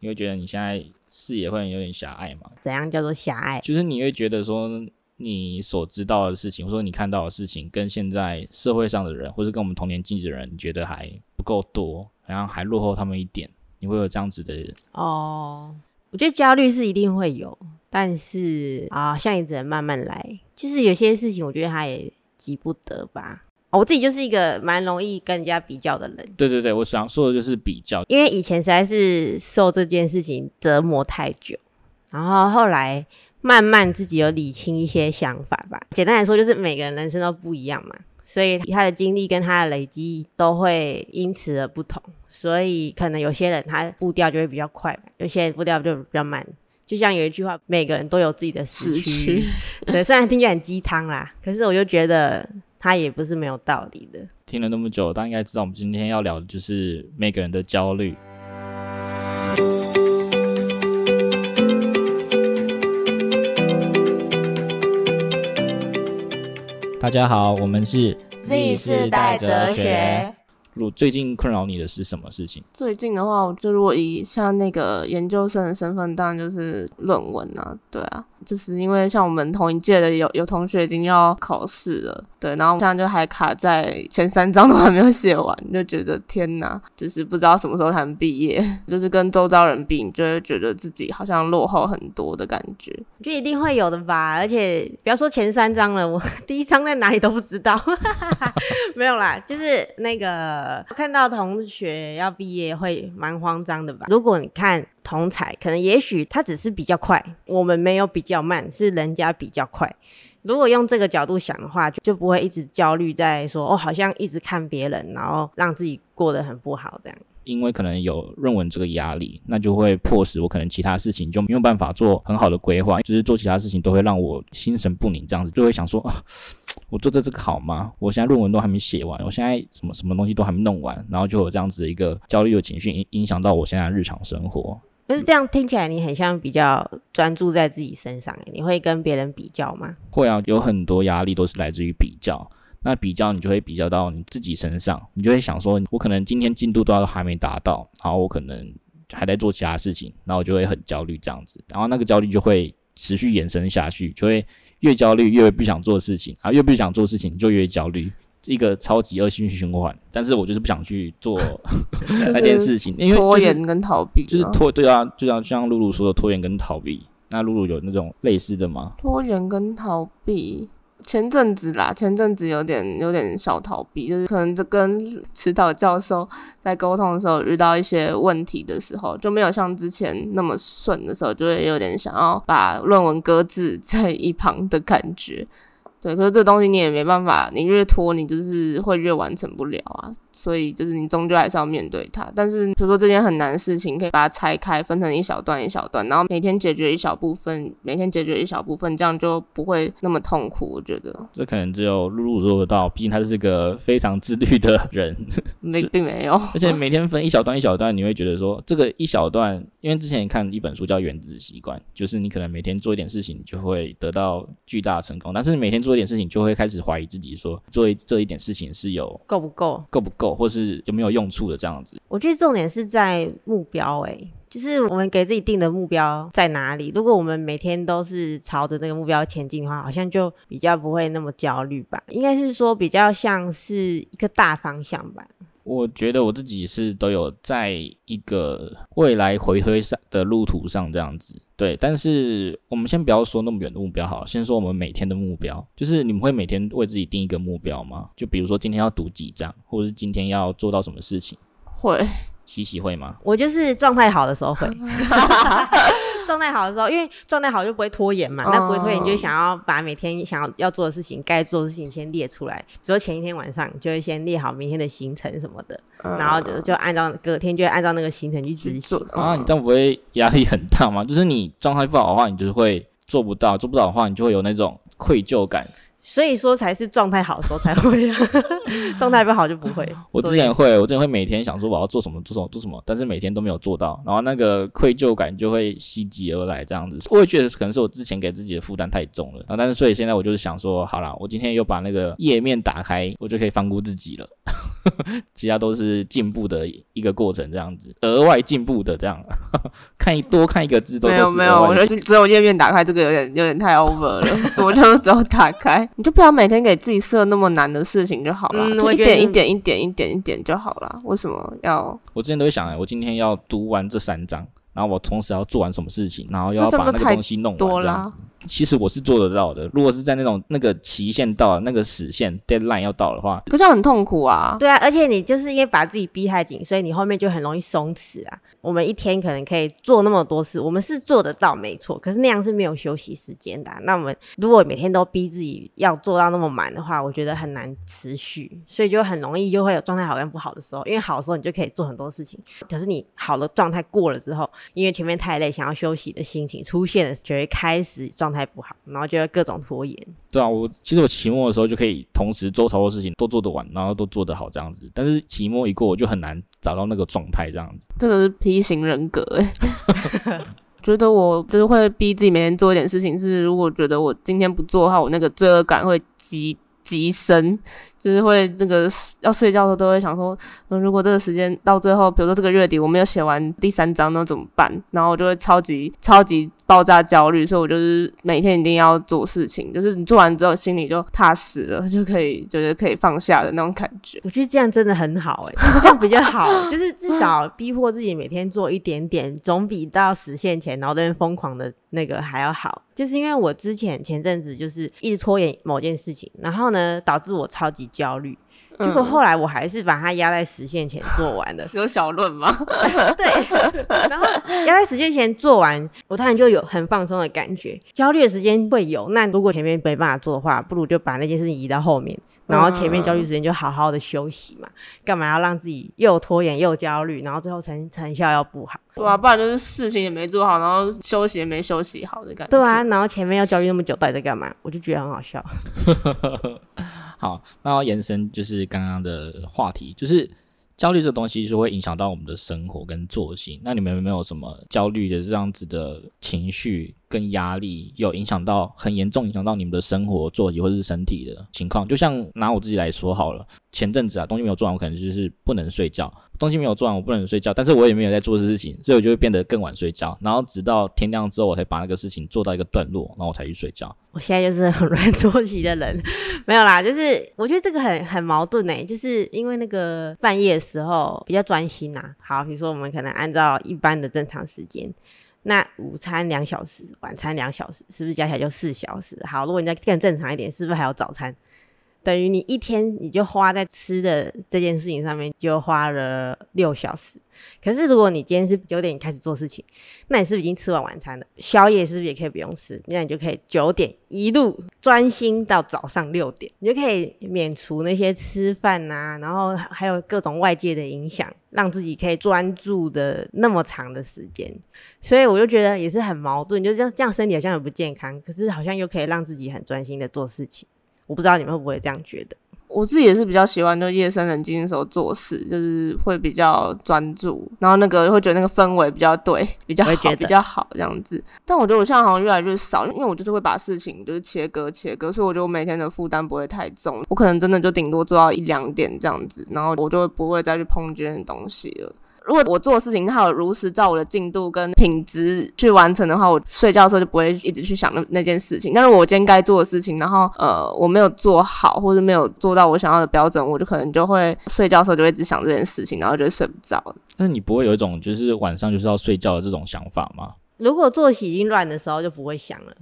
你會覺得你現在視野會有點狹隘嘛？怎樣叫做狹隘？就是你會覺得說你所知道的事情，或者說你看到的事情，跟現在社會上的人，或者跟我們同年紀的人，你覺得還不夠多，好像還落後他們一點。你會有這樣子的人。哦，我覺得焦慮是一定會有，但是啊，像你只能慢慢來。其實有些事情，我覺得他也急不得吧。哦，我自己就是一個蠻容易跟人家比較的人。對對對，我想說的就是比較，因為以前實在是受這件事情折磨太久，然後後來慢慢自己有理清一些想法吧。簡單來說，就是每個人人生都不一樣嘛，所以他的經歷跟他的累積都會因此而不同。所以可能有些人他步調就會比較快吧，有些人步調就比較慢。就像有一句話，每個人都有自己的時區。時區 對，雖然聽起來很雞湯啦，可是我就覺得。他也不是沒有道理的。聽了那麼久，大家應該知道，我們今天要聊的就是每個人的焦慮。大家好，我們是 Z 世代哲學。如最近困擾你的是什麼事情？最近的話，我就如果以像那個研究生的身份，當然就是論文啊，對啊，就是因為像我們同一屆的有有同學已經要考試了。對，然後現在就還卡在前三章都還沒有寫完，就覺得天哪，就是不知道什麼時候才能畢業。就是跟周遭人比，就會覺得自己好像落後很多的感覺。我覺得一定會有的吧，而且不要說前三章了，我第一章在哪裡都不知道。 沒有啦，就是那個我看到同學要畢業會蠻慌張的吧？如果你看同儕，可能也許他只是比較快，我們沒有比較慢，是人家比較快。如果用這個角度想的話，就，就不會一直焦慮在說，哦，好像一直看別人，然後讓自己過得很不好這樣。因為可能有論文這個壓力，那就會迫使我可能其他事情就沒有辦法做很好的規劃，就是做其他事情都會讓我心神不寧這樣子，就會想說，啊，我做這這個好嗎？我現在論文都還沒寫完，我現在什麼什麼東西都還沒弄完，然後就有這樣子一個焦慮的情緒，影影響到我現在的日常生活。不是，這樣聽起來，你很像比較專注在自己身上。你會跟別人比較嗎？會啊，有很多壓力都是來自於比較。那比較你就會比較到你自己身上，你就會想說，我可能今天進度都還沒達到，然後我可能還在做其他事情，然後我就會很焦慮這樣子，然後那個焦慮就會持續延伸下去，就會越焦慮越不想做事情，啊，越不想做事情就越焦慮。一個超級惡性循環，但是我就是不想去做、 就是、 那件事情，因為、就是、拖延跟逃避，就是拖。對啊，就像像露露說的拖延跟逃避。那露露有那種類似的嗎？拖延跟逃避，前陣子啦，前陣子有點有點小逃避，就是可能在跟指導教授在溝通的時候，遇到一些問題的時候，就沒有像之前那麼順的時候，就會有點想要把論文擱置在一旁的感覺。可是這東西你也沒辦法，你越拖你就是會越完成不了啊。所以就是你終究還是要面對它，但是比如說這件很難的事情，可以把它拆開，分成一小段一小段，然後每天解決一小部分，每天解決一小部分，這樣就不會那麼痛苦。我覺得這可能只有露露做到，畢竟他是個非常自律的人。沒 就並沒有，而且每天分一小段一小段，你會覺得說這個一小段，因為之前看一本書叫《原子習慣》，就是你可能每天做一點事情，你就會得到巨大的成功。但是你每天做一點事情，就會開始懷疑自己說，說做一這一點事情是有夠不夠，夠不夠。或是有沒有用處的這樣子，我覺得重點是在目標欸，就是我們給自己定的目標在哪裡？如果我們每天都是朝着那個目標前進的話，好像就比較不會那麼焦慮吧？應該是說比較像是一個大方向吧？我覺得我自己是都有在一個未來回推上的路途上這樣子。對，但是我們先不要說那麼遠的目標好，先說我們每天的目標，就是你們會每天為自己定一個目標嗎？就比如說今天要讀幾章，或者是今天要做到什麼事情？會，洗洗會嗎？我就是狀態好的時候會。 狀態好的時候，因為狀態好就不會拖延嘛，那不會拖延你就想要把每天想要要做的事情、該、uh、做的事情先列出來，比如說前一天晚上就會先列好明天的行程什麼的，uh、然後就就按照隔天就按照那個行程去執行。啊，你這樣不會壓力很大嗎？就是你狀態不好的話，你就是會做不到，做不到的話，你就會有那種愧疚感。所以說才是狀態好的時候才會，狀態不好就不會。我之前會，我之前會每天想說我要做什麼，做什麼，做什麼，但是每天都沒有做到，然後那個愧疚感就會襲擊而來，這樣子。我也覺得可能是我之前給自己的負擔太重了。然後但是所以現在我就是想說，好啦，我今天又把那個頁面打開，我就可以放過自己了。 其他都是進步的一個過程，這樣子，額外進步的這樣。 看一多看一個字都沒有，都都沒有，我覺得只有頁面打開，這個有點有點太 over 了， 我就只有打開。你就不要每天給自己設那麼難的事情就好了，嗯、我就一點一點一點一點一點就好了。為什麼要？我之前都會想、欸，哎，我今天要讀完這三章。然後我同時要做完什麼事情，然後又要把那個東西弄完這樣子。其實我是做得到的。如果是在那種那個期限到，那個時限 deadline 要到的話，可是很痛苦啊。對啊，而且你就是因為把自己逼太緊，所以你後面就很容易鬆弛啊。我們一天可能可以做那麼多事，我們是做得到沒錯。可是那樣是沒有休息時間的啊。那我們如果每天都逼自己要做到那麼滿的話，我覺得很難持續，所以就很容易就會有狀態好跟不好的時候。因為好的時候你就可以做很多事情，可是你好的狀態過了之後。因為前面太累，想要休息的心情出現了，覺得開始狀態不好，然後就會各種拖延。對啊，我其實我期末的時候就可以同時做超多事情，都做得完，然後都做得好這樣子。但是期末一過，我就很難找到那個狀態這樣子。真的是 P 型人格哎， 覺得我就是會逼自己每天做一點事情是，是如果覺得我今天不做的話，我那個罪惡感會激。極深，就是會那個要睡覺的時候都會想說，如果這個時間到最後，比如說這個月底我沒有寫完第三章，那怎麼辦？然後我就會超級超級。爆炸焦慮，所以我就是每天一定要做事情，就是你做完之後心裡就踏實了，就可以就是可以放下的那種感覺。我覺得這樣真的很好哎、欸，這樣比較好， 就是至少逼迫自己每天做一點點， 總比到時限前然後在那瘋狂的那個還要好。就是因為我之前前陣子就是一直拖延某件事情，然後呢導致我超級焦慮。結果後來我還是把它壓在時限前做完的、嗯。有小論嗎？ 對，然後壓在時限前做完，我突然就有很放鬆的感覺。焦慮的時間會有，那如果前面沒辦法做的話，不如就把那件事情移到後面，然後前面焦慮時間就好好的休息嘛。幹、嗯、嘛要讓自己又拖延又焦慮，然後最後成成效又不好？對啊，不然就是事情也沒做好，然後休息也沒休息好的感覺。對啊，然後前面要焦慮那麼久到底在幹嘛？我就覺得很好笑。 好，那要延伸就是剛剛的話題，就是焦慮這個東西是會影響到我們的生活跟作息。那你們有沒有什麼焦慮的這樣子的情緒？跟壓力有影響到，很嚴重影響到你們的生活作息或者是身體的情況。就像拿我自己來說好了，前陣子啊，東西沒有做完，我可能就是不能睡覺。東西沒有做完，我不能睡覺，但是我也沒有在做事情，所以我就會變得更晚睡覺。然後直到天亮之後，我才把那個事情做到一個段落，然後我才去睡覺。我現在就是很亂作息的人， 沒有啦，就是我覺得這個很很矛盾哎、欸，就是因為那個半夜的時候比較專心吶、啊。好，比如說我們可能按照一般的正常時間。那午餐兩小時，晚餐兩小時，是不是加起來就四小時？好，如果你再更正常一點，是不是還有早餐？等於你一天你就花在吃的這件事情上面，就花了六小時。可是如果你今天是九點開始做事情，那你是不是已經吃完晚餐了？宵夜是不是也可以不用吃？那你就可以九點一路專心到早上六點，你就可以免除那些吃飯啊，然後還有各種外界的影響，讓自己可以專注的那麼長的時間。所以我就覺得也是很矛盾，就這樣這樣身體好像很不健康，可是好像又可以讓自己很專心的做事情。我不知道你們會不會這樣覺得，我自己也是比較喜歡，就夜深人靜的時候做事，就是會比較專注，然後那個會覺得那個氛圍比較對，比較好，比較好這樣子。但我覺得我現在好像越來越少，因為我就是會把事情就是切割切割，所以我覺得我每天的負擔不會太重，我可能真的就頂多做到一兩點這樣子，然後我就不會再去碰這些東西了。如果我做的事情，它有如實照我的進度跟品質去完成的話，我睡覺的時候就不會一直去想那那件事情。但是，我今天該做的事情，然後呃，我沒有做好或者沒有做到我想要的標準，我就可能就會睡覺的時候就會一直想這件事情，然後就會睡不着。但是你不會有一種就是晚上就是要睡覺的這種想法嗎？如果作息已經亂的時候就， 就不會想了。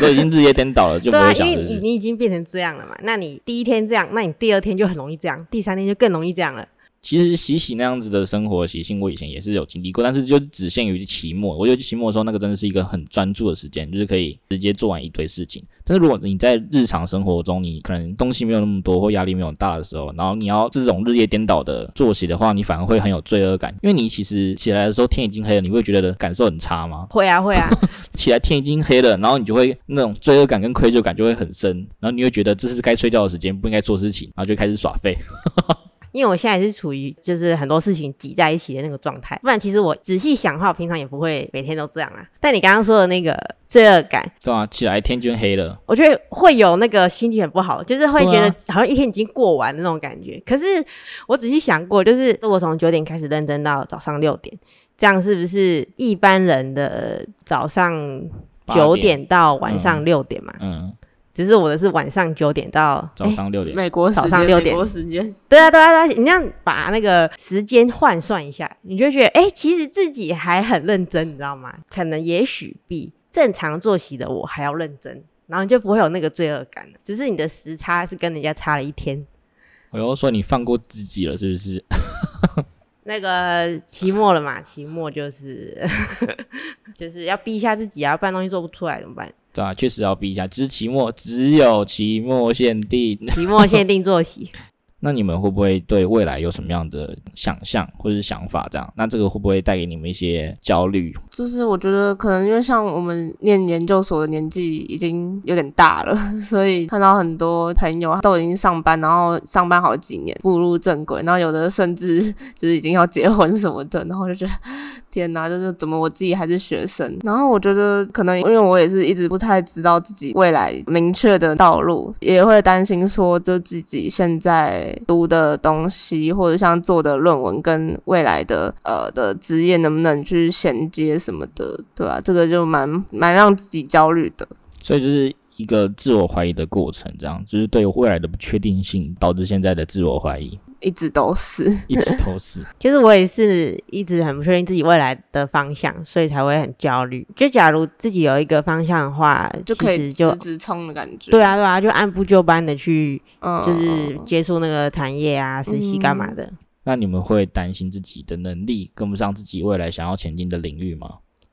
都已經日夜顛倒了，就對，因為你你已經變成這樣了嘛。那你第一天這樣，那你第二天就很容易這樣，第三天就更容易這樣了。其實洗洗那樣子的生活習性，我以前也是有經歷過，但是就只限於期末。我覺得期末的時候那個真的是一個很專注的時間，就是可以直接做完一堆事情。但是如果你在日常生活中，你可能東西沒有那麼多，或壓力沒有大的時候，然後你要這種日夜顛倒的作息的話，你反而會很有罪惡感，因為你其實起來的時候天已經黑了，你會覺得感受很差嗎？會啊會啊，會啊 起來天已經黑了，然後你就會那種罪惡感跟愧疚感就會很深，然後你會覺得這是該睡覺的時間，不應該做事情，然後就開始耍廢。 因為我現在也是處於就是很多事情擠在一起的那個狀態，不然其實我仔細想的話，平常也不會每天都這樣啊。但你剛剛說的那個罪惡感，對啊，起來天就黑了，我覺得會有那個心情很不好，就是會覺得好像一天已經過完的那種感覺。可是我仔細想過，就是如果從九點開始認真到早上六點，這樣是不是一般人的早上九點到晚上六點嘛？嗯。只是我的是晚上九點到早上六點，欸，美國早上六點，美國時間。對啊，對啊，對啊，你這樣把那個時間換算一下，你就覺得，哎、欸，其實自己還很認真，你知道嗎？可能也許比正常作息的我還要認真，然後你就不會有那個罪惡感了。只是你的時差是跟人家差了一天。我又說你放過自己了，是不是？ 那個期末了嘛，期末就是 就是要逼一下自己啊，不然東西做不出來怎麼辦？對啊，確實要逼一下。只是期末，只有期末限定， 期末限定作息。那你們會不會對未來有什麼樣的想象或者是想法？這樣，那這個會不會帶給你們一些焦慮？就是我覺得可能因為像我們念研究所的年紀已經有點大了，所以看到很多朋友都已經上班，然後上班好幾年步入正軌，然後有的甚至就是已經要結婚什麼的，然後就覺得。天哪，就是怎麼我自己還是學生，然後我覺得可能因為我也是一直不太知道自己未來明確的道路，也會擔心說，就自己現在讀的東西或者像做的論文跟未來的呃的職業能不能去銜接什麼的，對吧？這個就蠻蠻讓自己焦慮的，所以就是一個自我懷疑的過程，這樣就是對未來的不確定性導致現在的自我懷疑。一直都是，一直都是， 就是我也是一直很不確定自己未來的方向，所以才會很焦慮。就假如自己有一個方向的話，就可以直直衝的感覺。其實就，對啊，對啊，就按部就班的去，嗯、就是接觸那個產業啊，嗯、實習幹嘛的。那你們會擔心自己的能力跟不上自己未來想要前進的領域嗎？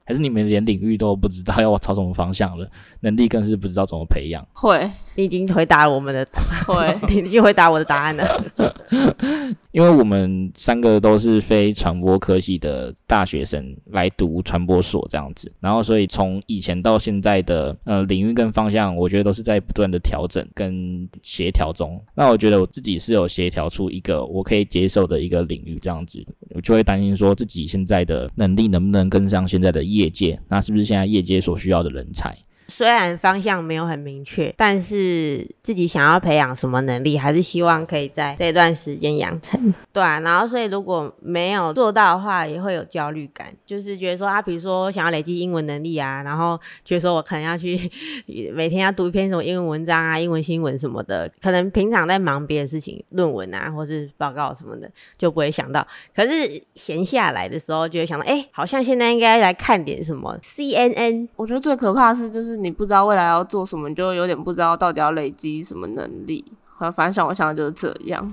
還是你們連領域都不知道要我朝什麼方向了，能力更是不知道怎麼培養？會，你已經回答了我們的，會，你已經回答我的答案了。 因為我們三個都是非傳播科系的大學生來讀傳播所這樣子，然後所以從以前到現在的呃領域跟方向，我覺得都是在不斷的調整跟協調中。那我覺得我自己是有協調出一個我可以接受的一個領域這樣子。就會擔心說自己現在的能力能不能跟上現在的業界，那是不是現在業界所需要的人才？雖然方向沒有很明確，但是自己想要培養什麼能力，還是希望可以在這段時間養成。對啊，然後所以如果沒有做到的話，也會有焦慮感，就是覺得說啊，比如說想要累積英文能力啊，然後覺得說我可能要去每天要讀一篇什麼英文文章啊、英文新聞什麼的，可能平常在忙別的事情，論文啊或是報告什麼的，就不會想到。可是閒下來的時候，就會想到，哎、欸，好像現在應該來看點什麼 CNN。我覺得最可怕的是就是。你不知道未來要做什麼，你就有點不知道到底要累積什麼能力。反正想我想的就是這樣。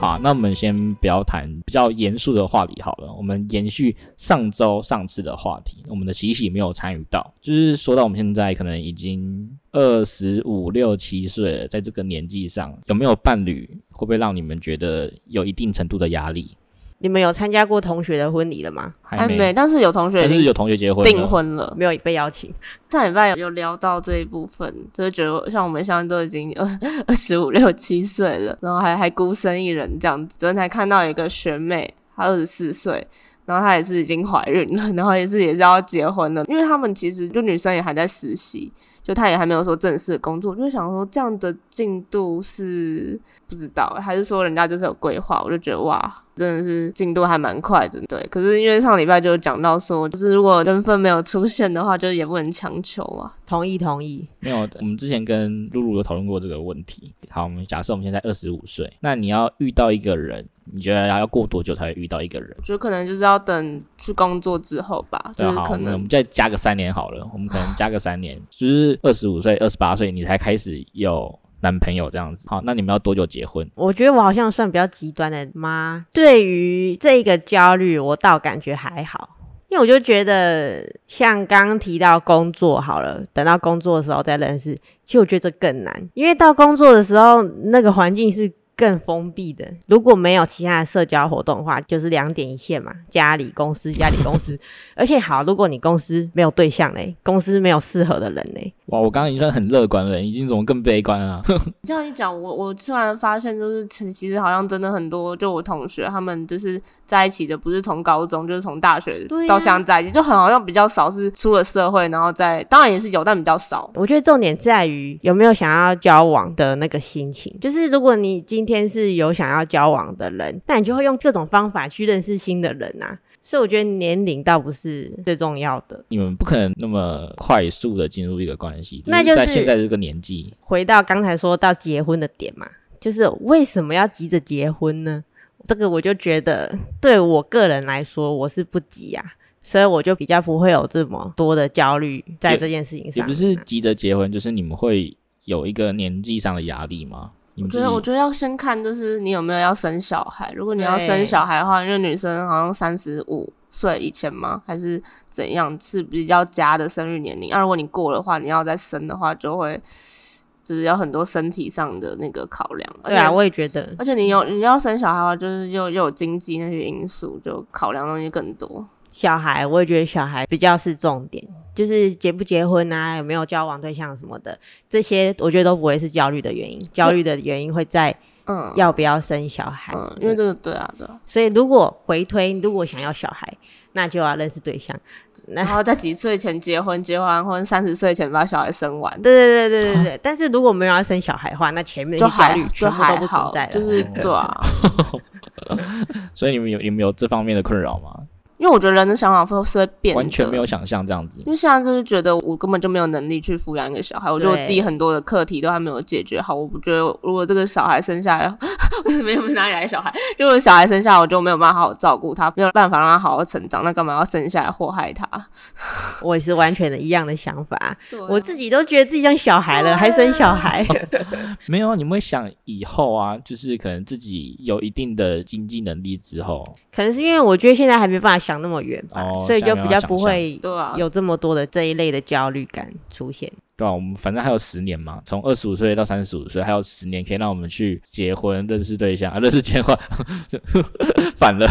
好，那我們先不要談比較嚴肅的話題好了。我們延續上周上次的話題，我們的喜喜沒有參與到，就是說到我們現在可能已經二十五六七歲了，在這個年紀上，有沒有伴侶，會不會讓你們覺得有一定程度的壓力？你們有參加過同學的婚禮了嗎？還沒，但是有同學已經訂婚了，但是有同學結婚訂婚了，沒有被邀請。上禮拜有，有聊到這一部分，就是覺得像我們現在都已經二二十五六七歲了，然後還還孤身一人這樣子。昨天才看到一個學妹，她二十四歲，然後她也是已經懷孕了，然後也是也是要結婚了。因為他們其實就女生也還在實習，就她也還沒有說正式的工作，就想說這樣的進度是不知道，還是說人家就是有規劃？我就覺得哇。真的是進度還蠻快的，對。可是因為上禮拜就講到說，就是如果緣分沒有出現的話，就是也不能強求啊。同意同意，同意沒有的。我們之前跟露露有討論過這個問題。好，我們假設我們現在二十五歲，那你要遇到一個人，你覺得要要過多久才會遇到一個人？就可能就是要等去工作之後吧。對，就是可能好，我們再加個三年好了。我們可能加個三年， 就是二十五歲、二十八歲，你才開始有。男朋友這樣子，好，那你們要多久結婚？我覺得我好像算比較極端的嘛。對於這個焦慮，我倒感覺還好，因為我就覺得像剛剛提到工作好了，等到工作的時候再認識。其實我覺得這更難，因為到工作的時候，那個環境是。更封閉的，如果沒有其他的社交活動的話，就是兩點一線嘛，家裡公司，家裡公司。 而且好，如果你公司沒有對象嘞，公司沒有適合的人嘞。哇，我剛剛已經算很樂觀了，已經怎麼更悲觀了啊？ 這樣一講，我我突然發現，就是其實好像真的很多，就我同學他們就是在一起的，不是從高中就是從大學到現在在一起，就很好像比較少是出了社會，然後在。當然也是有，但比較少。我覺得重點在於有沒有想要交往的那個心情，就是如果你今天是有想要交往的人，但你就會用各種方法去認識新的人啊。所以我覺得年齡倒不是最重要的。你們不可能那麼快速的進入一個關係。就是、那就是在現在這個年紀，回到剛才說到結婚的點嘛，就是為什麼要急着結婚呢？這個我就覺得對我個人來說，我是不急啊，所以我就比較不會有這麼多的焦慮在這件事情上、啊。你不是急着結婚，就是你們會有一個年紀上的壓力嗎？我覺得，我覺得要先看，就是你有沒有要生小孩。如果你要生小孩的話，對因為女生好像三十五歲以前嗎，還是怎樣是比較佳的生育年齡？啊如果你過的話，你要再生的話就，就會就是有很多身體上的那個考量。啊對啊，我也覺得。而且你有你要生小孩的話，就是又又有經濟那些因素，就考量東西更多。小孩，我也覺得小孩比較是重點，就是結不結婚啊，有沒有交往對象什麼的，這些我覺得都不會是焦慮的原因。焦慮的原因會在，嗯，要不要生小孩？嗯嗯、因為這個對啊，對。所以如果回推，如果想要小孩，那就要認識對象，然後在幾歲前結婚，結完婚三十歲前把小孩生完。對對對對對呵但是如果沒有要生小孩的話，那前面就還好，就都不存在了。就，就，就是、嗯、對啊。 所以你們有你們有這方面的困擾嗎？因為我覺得人的想法會是會變，完全沒有想象這樣子。因為現在就是覺得我根本就沒有能力去撫養一個小孩，對我覺得我自己很多的課題都還沒有解決好。我不覺得如果這個小孩生下來，我 是沒有哪裡來的小孩，就是小孩生下來我就沒有辦法好好照顧他，沒有辦法讓他好好成長，那干嘛要生下來禍害他？ 我也是完全的一樣的想法，啊、我自己都覺得自己像小孩了，啊、還生小孩。 沒有，你們會想以後啊，就是可能自己有一定的經濟能力之後。可能是因為我覺得現在還沒辦法想那麼遠吧，哦、所以就比較不會有這麼多的這一類的焦慮感出現。對啊,對啊，我們反正還有十年嘛，從二十五歲到三十五歲還有十年，可以讓我們去結婚、認識對象、啊、認識結婚 反了，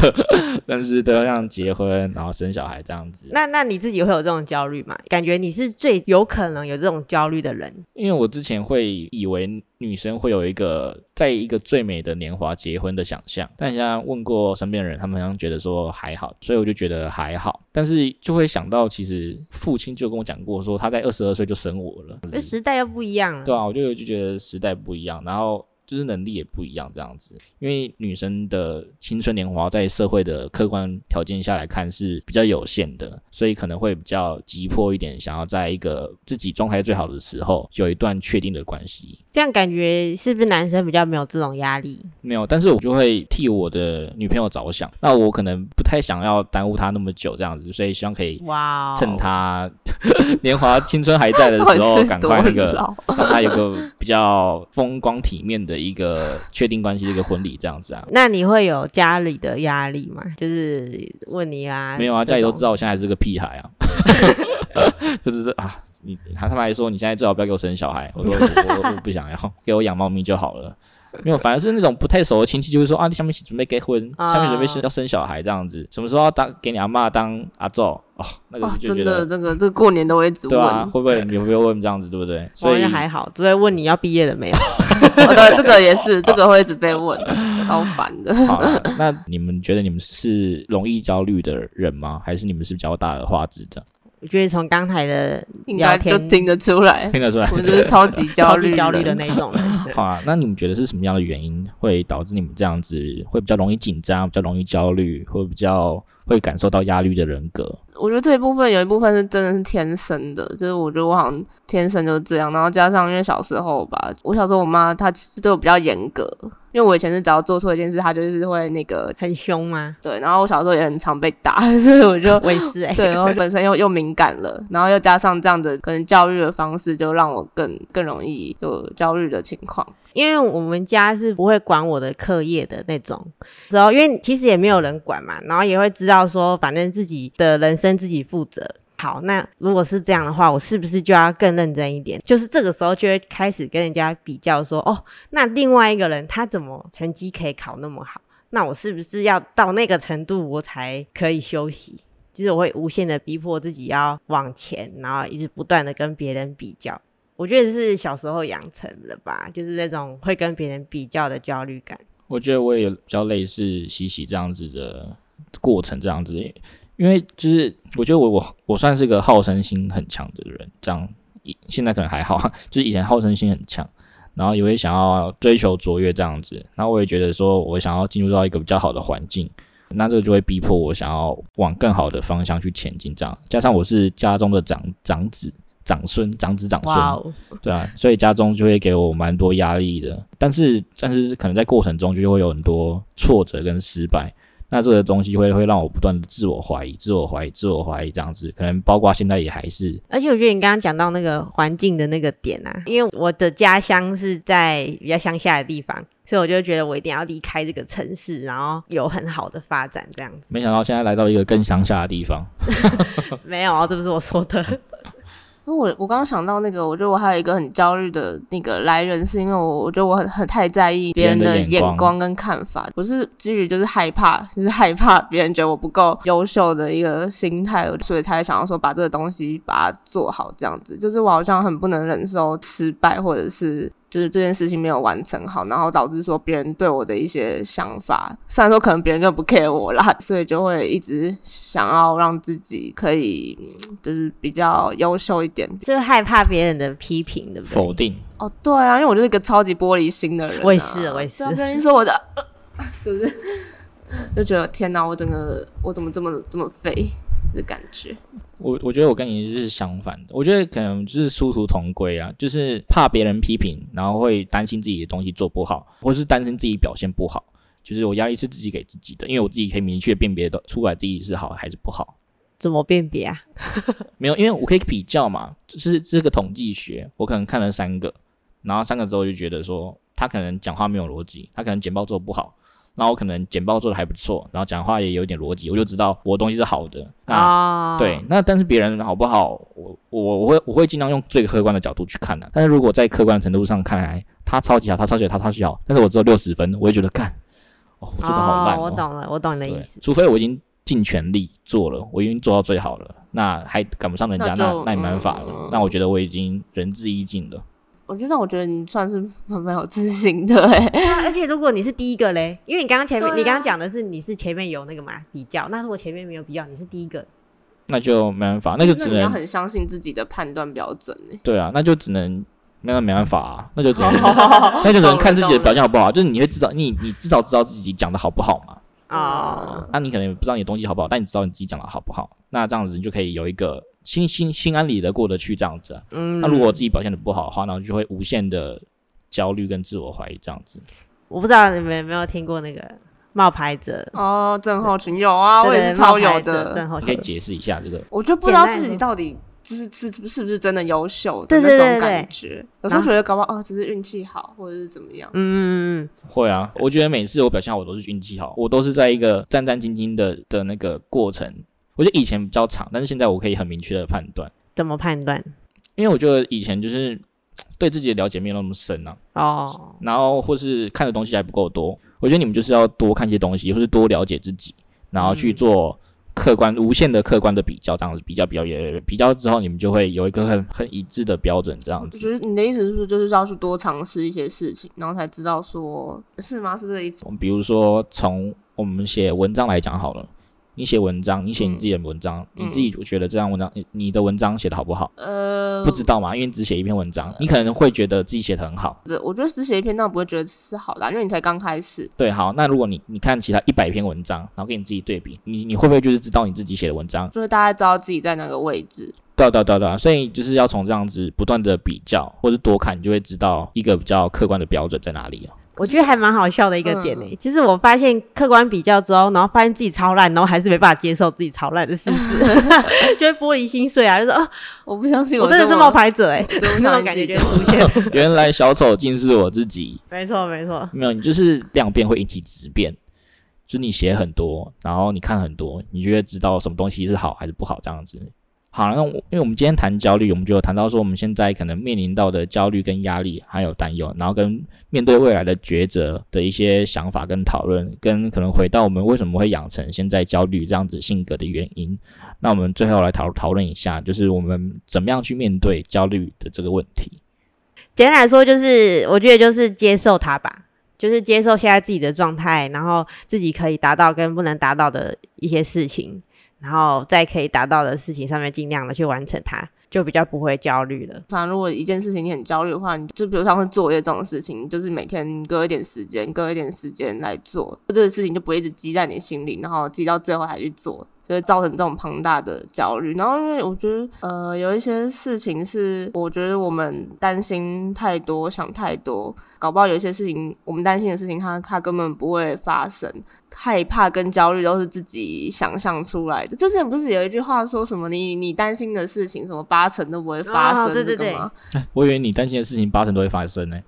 認識對象結婚，然後生小孩這樣子。那那你自己會有這種焦慮嗎？感覺你是最有可能有這種焦慮的人，因為我之前會以為。女生會有一個在一個最美的年華結婚的想象，但人家問過身邊的人，他們好像覺得說還好，所以我就覺得還好，但是就會想到其實父親就跟我講過，說他在二十二歲就生我了，那時代又不一樣了，對啊，我就就覺得時代不一樣，然後。就是能力也不一樣，這樣子，因為女生的青春年華在社會的客觀條件下來看是比較有限的，所以可能會比較急迫一點，想要在一個自己狀態最好的時候有一段確定的關係。這樣感覺是不是男生比較沒有這種壓力？沒有，但是我就會替我的女朋友着想，那我可能不太想要耽誤她那麼久，這樣子，所以希望可以哇趁她 Wow. 年華青春還在的時候，趕 快一、那個，讓她有個比較風光體面的。一個確定關係的一個婚禮這樣子啊？那你會有家裡的壓力嗎？就是問你啊。沒有啊，家裡都知道我現在還是個屁孩啊， 就是啊，你他他們還說，你現在最好不要給我生小孩，我說我都不想要，給我養貓咪就好了。沒有，反而是那種不太熟的親戚就是，就會說啊，你下面準備結婚，啊、下面準備要生小孩這樣子，什麼時候要當給你阿嬤當阿祖啊、哦？那個、啊、真的這、那個這過年都會一直問，啊、會不會對你會不會問這樣子，對不對？所以還好都在問你要畢業了沒有 哦？對，這個也是，這個會一直被問，啊、超煩的，好的。那你們覺得你們是容易焦慮的人嗎？還是你們是比較大而化之的？我覺得從剛才的聊天聊天聽得出來，聽得出來，我們就是超級焦慮、 焦慮的那一種、欸、好啊，那你們覺得是什麼樣的原因會導致你們這樣子，會比較容易緊張，比較容易焦慮，會比較？會感受到壓力的人格，我覺得這一部分有一部分是真的是天生的，就是我覺得我好像天生就是這樣。然後加上因為小時候吧，我小時候我媽她其實對我比較嚴格，因為我以前是只要做錯一件事，她就是會那個很凶嘛、啊，對，然後我小時候也很常被打，所以我就我也是、欸、對，然後本身又又敏感了，然後又加上這樣的可能教育的方式，就讓我更更容易有焦慮的情況。因為我們家是不會管我的課業的那種，然後因為其實也沒有人管嘛，然後也會知道說，反正自己的人生自己負責。好，那如果是這樣的話，我是不是就要更認真一點？就是這個時候就會開始跟人家比較說，說哦，那另外一個人他怎麼成績可以考那麼好？那我是不是要到那個程度我才可以休息？其實我會無限的逼迫自己要往前，然後一直不斷的跟別人比較。我覺得是小時候養成的吧，就是那種會跟別人比較的焦慮感。我覺得我也比較類似洗洗這樣子的過程，這樣子、欸，因為就是我覺得我我我算是個好勝心很強的人，這樣，現在可能還好，就是以前好勝心很強，然後也會想要追求卓越這樣子。那我也覺得說，我想要進入到一個比較好的環境，那這個就會逼迫我想要往更好的方向去前進，這樣。加上我是家中的長長子。長孫、長子長孫、長孫，對啊，所以家中就會給我蠻多壓力的。但是，但是可能在過程中就會有很多挫折跟失敗。那這個東西會會讓我不斷的自我懷疑、自我懷疑、自我懷疑，這樣子。可能包括現在也還是。而且我覺得你剛剛講到那個環境的那個點啊，因為我的家鄉是在比較鄉下的地方，所以我就覺得我一定要離開這個城市，然後有很好的發展這樣子。沒想到現在來到一個更鄉下的地方。 沒有啊，這不是我說的。 我我剛剛想到那個，我覺得我還有一個很焦慮的那個來源，是因為我我覺得我很很太在意別人的眼光跟看法，我是基於就是害怕，就是害怕別人覺得我不夠優秀的一個心態，所以才想要說把這個東西把它做好，這樣子，就是我好像很不能忍受失敗，或者是。就是這件事情沒有完成好，然後導致說別人對我的一些想法，雖然說可能別人就不 care 我啦，所以就會一直想要讓自己可以就是比較優秀一點點，就是害怕別人的批評的否定哦，對啊，因為我就是一個超級玻璃心的人啊，我也是，我也是。跟你說我的，就是就覺得天哪，我整個我怎麼這麼這麼廢？的感覺，我我覺得我跟你是相反的，我覺得可能就是殊途同歸啊，就是怕別人批評，然後會擔心自己的東西做不好，或是擔心自己表現不好。就是我壓力是自己給自己的，因為我自己可以明確辨別的出來自己是好還是不好。怎麼辨別啊？ 沒有，因為我可以比較嘛，這、就是這個統計學，我可能看了三個，然後三個之後就覺得說他可能講話沒有邏輯，他可能簡報做不好。那我可能簡報做得還不錯，然後講話也有點邏輯，我就知道我的東西是好的啊。Oh. 對，那但是別人好不好，我我我會我會盡量用最客觀的角度去看的、啊。但是如果在客觀的程度上看來，他超級好，他超級，好他，超級好他超級好，但是我只有六十分，我也覺得，幹。哦、喔，我做得好慢哦、喔。Oh, 我懂了，我懂你的意思。除非我已經盡全力做了，我已經做到最好了，那還趕不上人家，那就那，那你蠻傻了。那、嗯、我覺得我已經仁至義盡了。我覺得，我覺得你算是很沒有自信的、欸。對，而且如果你是第一個嘞，因為你剛剛前面，啊、你剛剛講的是你是前面有那個嘛比較，那如果前面沒有比較，你是第一個，那就沒辦法，那就只能你要很相信自己的判斷標準、欸。對啊，那就只能那沒辦法啊，那就只能、啊、 那就只能看自己的表現好不好？ 就是你會知道，你你至少知道自己講的好不好嘛、oh. 啊？那你可能不知道你的東西好不好，但你知道你自己講的好不好，那這樣子你就可以有一個。心心心安理得過得去這樣子、啊，嗯、那如果自己表現得不好的話，呢，就會無限的焦慮跟自我懷疑這樣子。我不知道你們有沒有聽過那個冒牌者、嗯、哦，症候群有啊，對對對，我也是超有的。症候群可以解釋一下這個，我就不知道自己到底是是是不是真的優秀的對對對對那種感覺，啊、有時候覺得搞不好哦，只是運氣好或者是怎麼樣。嗯嗯，會啊，我覺得每次我表現我都是運氣好，我都是在一個戰戰兢兢的的那個過程。我覺得以前比較長，但是現在我可以很明確的判斷。怎麼判斷？因為我覺得以前就是對自己的了解沒有那麼深啊。哦。Oh. 然後或是看的東西還不夠多。我覺得你們就是要多看些東西，或是多了解自己，然後去做客觀、嗯、無限的客觀的比較，這樣子比較比較也比較之後，你們就會有一個很很一致的標準。這樣子。我覺得你的意思是不是就是要去多嘗試一些事情，然後才知道說是嗎？是這個意思。我們比如說從我們寫文章來講好了。你寫文章，你寫你自己的文章，嗯、你自己覺得這樣文章，你、嗯、你的文章寫得好不好？呃，不知道嘛，因為你只寫一篇文章，呃、你可能會覺得自己寫得很好。對，我覺得只寫一篇那我不會覺得是好的啊，因為你才剛開始。對，好，那如果你你看其他一百篇文章，然後跟你自己對比，你你會不會就是知道你自己寫的文章？就是大概知道自己在哪個位置。對啊、對啊、對啊、對啊，所以就是要從這樣子不斷的比較，或者是多看，你就會知道一個比較客觀的標準在哪裡了。我覺得還蠻好笑的一個點呢、欸，嗯、其實我發現客觀比較之後，然後發現自己超爛，然後還是沒辦法接受自己超爛的事實， 就會玻璃心碎啊，就說我不相信，我真的是冒牌者哎、欸，那種感覺就出現了。 原來小丑竟是我自己。沒錯沒錯，沒錯，沒有，你就是量變會引起質變，就是、你寫很多，然後你看很多，你就會知道什麼東西是好還是不好這樣子。好，那因為我們今天談焦慮，我們就有談到說我們現在可能面臨到的焦慮跟壓力還有擔憂，然後跟面對未來的抉擇的一些想法跟討論，跟可能回到我們為什麼會養成現在焦慮這樣子性格的原因。那我們最後來討討論一下，就是我們怎麼樣去面對焦慮的這個問題。簡單來說，就是我覺得就是接受它吧，就是接受現在自己的狀態，然後自己可以達到跟不能達到的一些事情。然後在可以達到的事情上面，儘量的去完成它，就比較不會焦慮了。反正、啊、如果一件事情你很焦慮的話，你就比如像是作業這種事情，就是每天割一點時間，割一點時間來做，這個事情就不會一直積在你心裡，然後積到最後還去做。就會造成這種龐大的焦慮，然後因為我覺得，呃，有一些事情是我覺得我們擔心太多，想太多，搞不好有一些事情我們擔心的事情它，它它根本不會發生。害怕跟焦慮都是自己想象出來的。之前不是有一句話說什麼你，你你擔心的事情，什麼八成都不會發生這個嗎？Oh, 對對對。 我以為你擔心的事情八成都會發生呢、欸。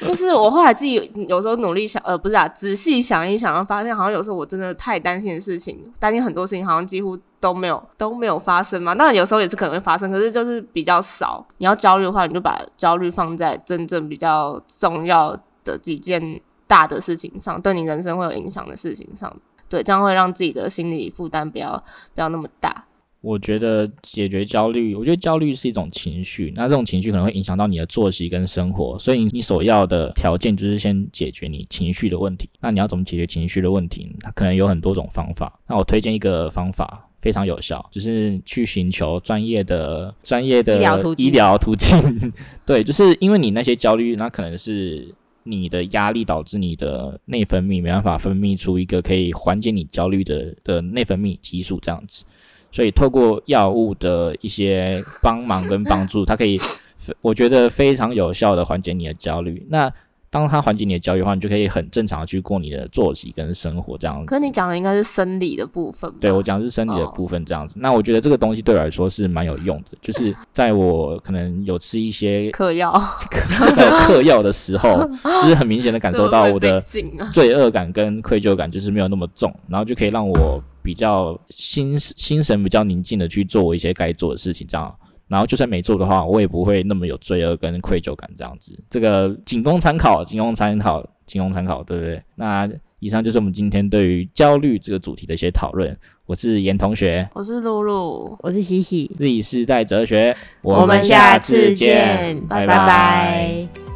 就是我後來自己有時候努力想，呃，不是啊，仔細想一想，發現好像有時候我真的太擔心的事情，擔心很多事情，好像幾乎都沒有都沒有發生嘛。當然有時候也是可能會發生，可是就是比較少。你要焦慮的話，你就把焦慮放在真正比較重要的幾件大的事情上，對你人生會有影響的事情上，對，這樣會讓自己的心理負擔不要不要那麼大。我覺得解決焦慮，我覺得焦慮是一種情緒，那這種情緒可能會影響到你的作息跟生活，所以你首要的條件就是先解決你情緒的問題。那你要怎麼解決情緒的問題？它可能有很多種方法。那我推薦一個方法非常有效，就是去尋求專業的專業的醫療途徑。醫療 對，就是因為你那些焦慮，那可能是你的壓力導致你的內分泌沒辦法分泌出一個可以緩解你焦慮的的內分泌激素，這樣子。所以，透過藥物的一些幫忙跟幫助，它可以，我覺得非常有效的緩解你的焦慮。那，當它緩解你的焦慮的話，你就可以很正常的去過你的作息跟生活這樣子。可是你講的應該是生理的部分。對，我講的是生理的部分這樣子。Oh. 那我覺得這個東西對我來說是蠻有用的， 就是在我可能有吃一些嗑藥、嗑藥、嗑藥的時候， 就是很明顯的感受到我的罪惡感跟愧疚感就是沒有那麼重，然後就可以讓我比較心心神比較寧靜的去做一些該做的事情這樣。然後就算沒做的話，我也不會那麼有罪惡跟愧疚感這樣子。這個僅供參考，僅供參考，僅供參考，對不對？那以上就是我們今天對於焦慮這個主題的一些討論。我是嚴同學，我是露露，我是喜喜。日以事代哲學。我們下次見，下次見，拜拜。拜拜。